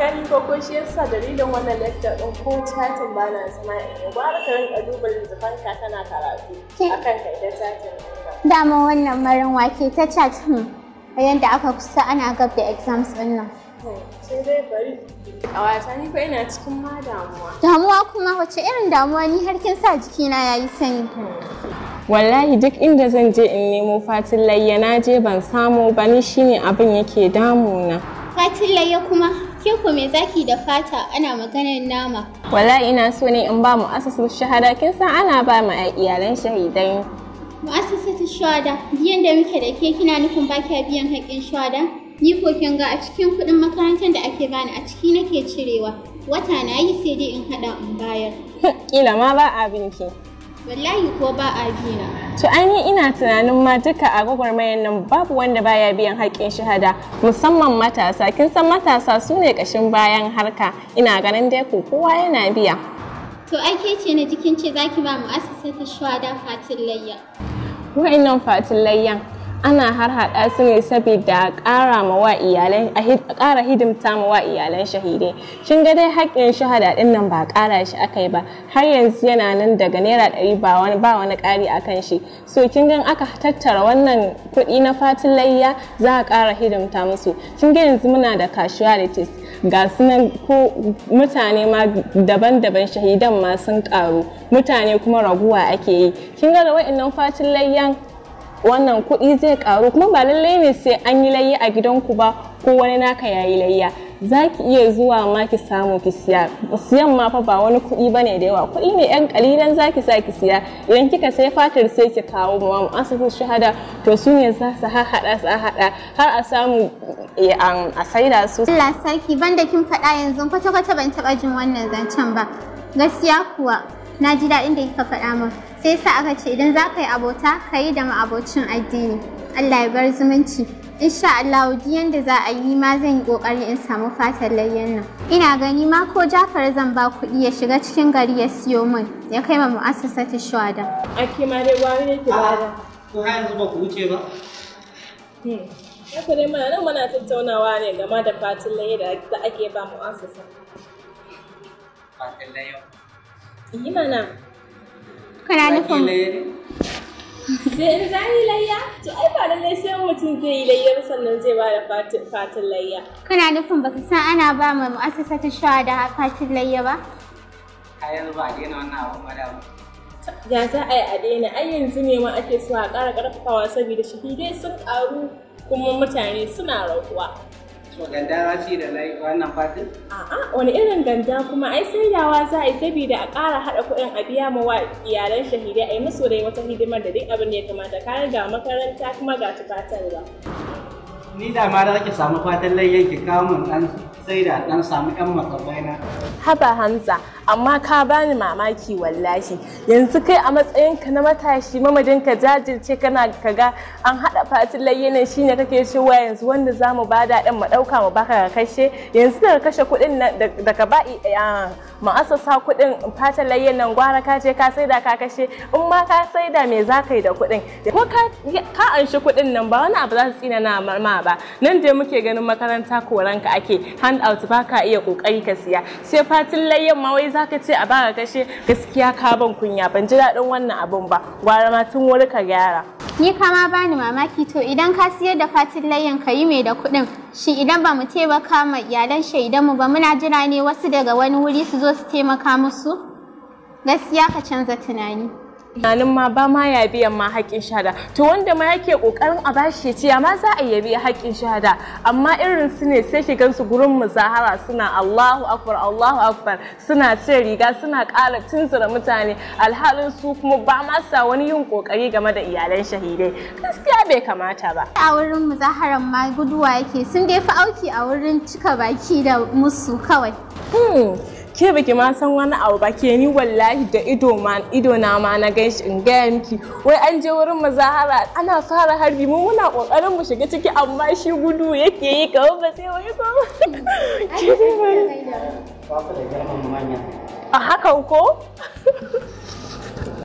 gani ko ko shi yasa dalilin wannan lecture din ko chatin ba na zama in yi ba ka rinka duba littafin ka tana karatu akan ka ita chatin dama wannan marin wake ta chat yadda aka kusa ana gab da exams din nan sai dai bari a wata ni fa ina cikin ma damuwa damuwa kuma wace irin damuwa ni har kin sa jikina yayi sanyi hmm. wallahi duk inda zan je in nemo fatin layya na je ban samu ba ni shine abin yake damuna fatin layya kuma Ke ku mai zaki da fata ana maganar nama. Wala ina so ne in ba mu asasin shahada kin san ana ba mu iyalan shahidai. Mu ta shahada biyan da muke da ke kina nufin ba kya biyan hakkin shahada? Ni ko kin ga a cikin kuɗin makarantar da ake bani a ciki nake cirewa. Wata na yi sai dai in haɗa in bayar. Kila ma ba abin wallahi ko ba a biya to ina tunanin ma duka a gwagwarmayan nan babu wanda baya biyan haƙƙin shahada musamman matasa kin san matasa su ne ƙashin bayan harka ina ganin dai ko kowa yana biya to ake ce na jikin ce zaki ba mu asasa ta shahada fatin layya wa'annan fatin layyan ana har haɗa su ne saboda ƙara ma iyalan ƙara hidimta ma iyalan shahidai shin ga dai haƙƙin shahada ɗin nan ba ƙara shi aka ba har yanzu yana nan daga naira ɗari ba wani ba wani ƙari a kan shi so kin gan aka tattara wannan kuɗi na fatin layya za a ƙara hidimta musu kin ga yanzu muna da casualties ga su nan ko mutane ma daban-daban shahidan ma sun ƙaru mutane kuma raguwa ake yi kin ga da wa'annan fatin layyan wannan kuɗi zai ƙaru kuma ba lallai ne sai an yi layya a gidanku ba ko wani naka ya yi layya za ki iya zuwa ma ki samu ki siya siyan ma fa ba wani kuɗi ba ne da yawa kuɗi ne yan ƙalilan za ki sa ki siya idan kika sai fatar sai ki kawo ma mu'assasu shahada to su ne za su haɗa su haɗa har a samu eh, a saida su. Allah sarki banda kin faɗa yanzu kwata-kwata ban taɓa jin wannan zancen ba gaskiya kuwa na ji daɗin da kika faɗa min sai sa aka ce idan za ka yi abota ka yi da ma'abocin addini Allah ya bar zumunci insha Allah wuji yanda za a yi ma zan yi ƙoƙari in samu fatan layyan nan ina gani ma ko Jafar zan ba kuɗi ya shiga cikin gari ya siyo min ya kai ma mu'assasatu shuwada. ake ma dai wani ne ki bada ko har yanzu ba ku wuce ba hmm. Haka dai mana nan muna tattaunawa ne game da fatin layya da ake ba mu'assasa. Fatin Yi mana. Kana nufin. Sai in za yi layya? To ai ba lallai sai mutum zai yi layyar sannan zai ba da fatin layya. Kana nufin ba ka san ana ba ma mu'assasa ta shawa da fatin layya ba? A yanzu ba a daina wannan abu ba da Ya za a yi a daina ai yanzu ne ma ake so a ƙara ƙarfafawa saboda dai sun ƙaru kuma mutane suna raguwa. So ganda za da wannan fatin? A'a wani irin ganda kuma ai saidawa za a yi saboda a ƙara haɗa kuɗin a biya ma wa iyalan shahidai a yi musu dai wata hidimar da duk abin da ya kamata kayan ga makaranta kuma ga tufatarwa. Ni da ma da ake samu fatan layyan ki kawo min ɗan da ɗan samu ɗan matsabbai na. Haba Hamza, amma ka bani mamaki wallahi yanzu kai a matsayinka na matashi mamadin ka jajirce kana kaga an haɗa fatin layyanin shine kake cewa yanzu wanda zamu ba bada din mu ɗauka mu baka ka kashe yanzu daga kashe kuɗin nan daga ba'i ma'asasa kuɗin fatan layyanin gwara ka je ka saida ka kashe in ma ka saida me za ka yi da kuɗin ko ka anshi kuɗin nan ba wani abu za su tsina na ma ba nan dai muke ganin makaranta koranka ake handout baka iya kokari ka siya sai fatin layyan ma wai za za ka ce a ka kashe gaskiya ka ban kunya ban ji daɗin wannan abun ba gwara ma tun wuri ka gyara ni kama bani mamaki to idan ka siyar da fatin layin ka yi mai da kuɗin shi idan ba mu taimaka ma iyalan shaidan mu ba muna jira ne wasu daga wani wuri su zo su taimaka musu gaskiya ka canza tunani tunanin ma ba ma ya biyan ma haƙƙin shahada to wanda ma yake ƙoƙarin a bashi ya ma za a yabi haƙƙin shahada amma irin su ne sai shi gansu gurin muzahara suna Allahu akbar Allahu akbar suna cire riga suna ƙara tunzura mutane alhalin su kuma ba ma sa wani yin ƙoƙari game da iyalan shahidai gaskiya bai kamata ba a wurin muzaharan ma guduwa yake sun dai fi auki a wurin cika baki da musu kawai hmm. ke baki ma san wani abu ba ke ni wallahi da ido ma ido na ma na gan in gaya miki wai an je wurin mazahara ana fara harbi mu muna kokarin mu shiga ciki amma shi gudu yake yi kawai ba sai wai ko a hakan ko